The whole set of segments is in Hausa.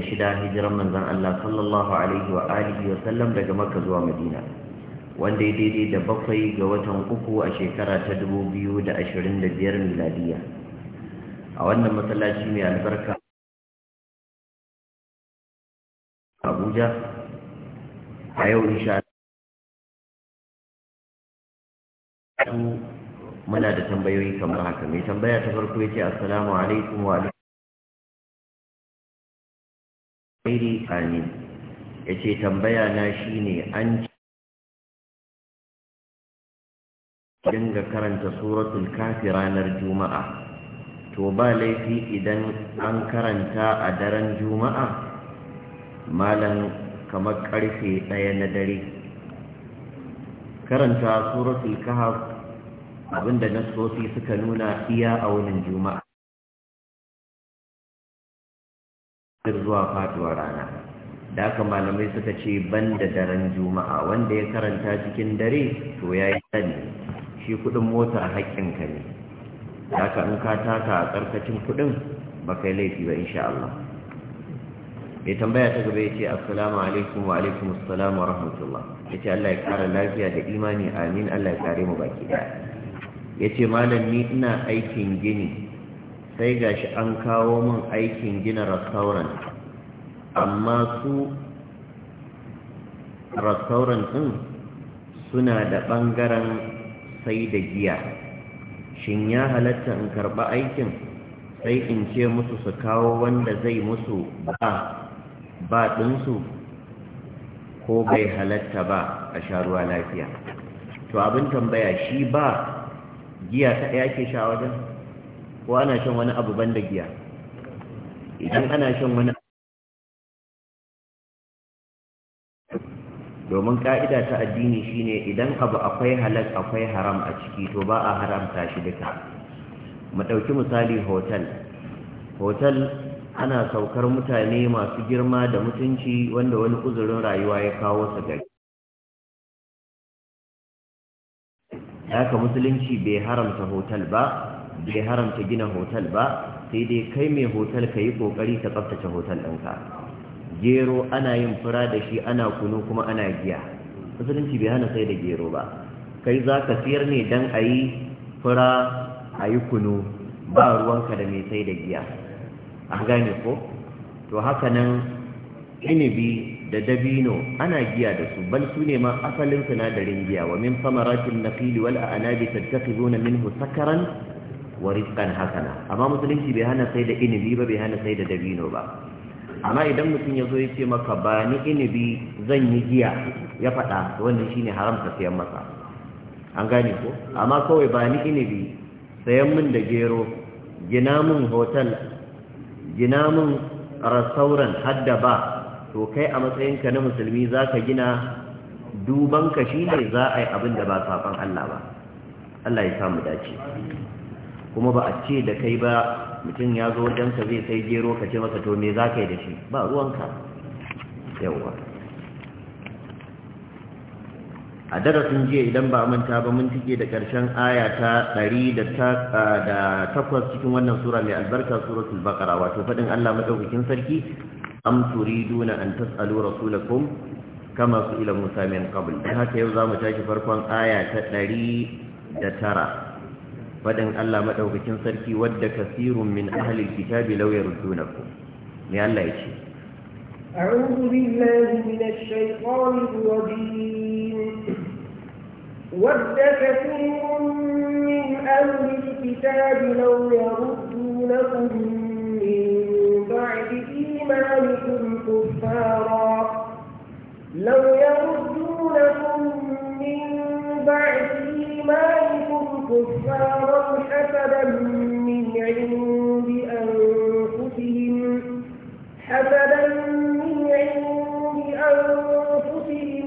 da shida hijiran manzon Allah sallallahu alaihi wa alihi wa sallam daga Makka zuwa Madina wanda ya daidai da bakwai ga watan uku a shekara ta 2025 miladiya a wannan masallaci mai albarka Abuja a yau insha Allah muna da tambayoyi kamar haka mai tambaya ta farko yace assalamu alaikum wa khairi amin yace tambaya na shine an dinga karanta suratul kafi ranar juma'a to ba laifi idan an karanta a daren juma'a malam kamar karfe ɗaya na dare karanta suratul kahf abinda nasosi suka nuna iya a wunin juma'a zuwa faduwar rana da aka malamai suka ce ban da daren juma'a wanda ya karanta cikin dare to ya yi sani shi kudin mota haƙƙinka ne da aka in ka taka a ƙarƙacin kudin ba kai laifi ba insha Allah ya tambaya ta gaba ya ce assalamu alaikum wa alaikum assalamu wa rahmatullah ya ce Allah ya kara lafiya da imani amin Allah ya kare mu baki daya ya ce malam ni ina aikin gini sai ga shi an kawo min aikin gina restaurant amma su restaurant ɗin suna da ɓangaren sai da giya shin ya halatta in karɓi aikin sai in ce musu su kawo wanda zai musu ba ba ɗinsu ko bai halatta ba a sha ruwa lafiya to abin tambaya shi ba giya ta ɗaya sha wajen ko ana shan wani abu ban da giya idan ana shan wani domin ka'ida ta addini shine idan abu akwai halal akwai haram a ciki to ba a haramta shi duka mu ɗauki misali hotel hotel ana saukar mutane masu girma da mutunci wanda wani uzurin rayuwa ya kawo su gari haka musulunci bai haramta hotel ba bai haramta gina hotel ba sai dai kai mai hotel ka yi kokari ka tsaftace hotel ɗinka gero ana yin fura da shi ana kunu kuma ana giya musulunci bai hana sai da gero ba kai za ka siyar ne don a yi fura a yi kunu ba ruwanka da mai sai da giya an gane ko to haka nan inibi da dabino ana giya da su bal su ne ma asalin sinadarin giya wa min samaratin nafili wal a'nabi tattakhizuna minhu sakaran wa rizqan hasana amma musulunci bai hana sai da inibi ba bai hana sai da dabino ba amma idan mutum ya zo ya ce maka ba ni inibi zan yi giya ya faɗa wannan shine haram ka sayan masa an gane ko amma kawai ba ni inibi sayan min da gero gina min hotel gina min rasauran hadda ba to kai a matsayinka na musulmi za ka gina dubanka shi ne za a yi abin da ba safan Allah ba Allah ya samu dace kuma ba a ce da kai ba mutum ya zo wajenka zai sai gero ka ce masa to me za ka yi da shi ba ruwanka yauwa a darasin jiya idan ba manta ba mun cike da karshen aya ta ɗari da takwas cikin wannan sura mai albarka suratul baqara wato faɗin Allah maɗaukakin sarki am turiduna an tas'alu rasulakum kama su ila Musa min qabl haka yau za mu tashi farkon aya ta ɗari da tara فدن الله مدوكين سركي ود كثير من أهل الكتاب لو يردونكم يا الله ya أعوذ بالله من الشيطان الرجيم ود كثير من أهل الكتاب لو يردونكم من بعد إيمانكم كفارا لو يردونكم من بعد إيمانكم كفارا حسبا من عند أنفسهم حسبا من عند أنفسهم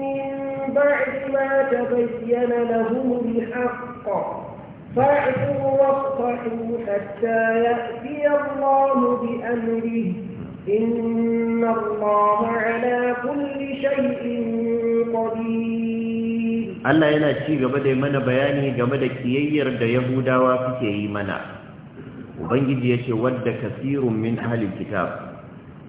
من بعد ما تبين لهم الحق فاعفوا واصفحوا حتى يأتي الله بأمره إن الله على كل شيء قدير Allah yana ci gaba da mana bayani game da kiyayyar da Yahudawa suke yi mana Ubangiji ya ce wadda kasirun min halin kitab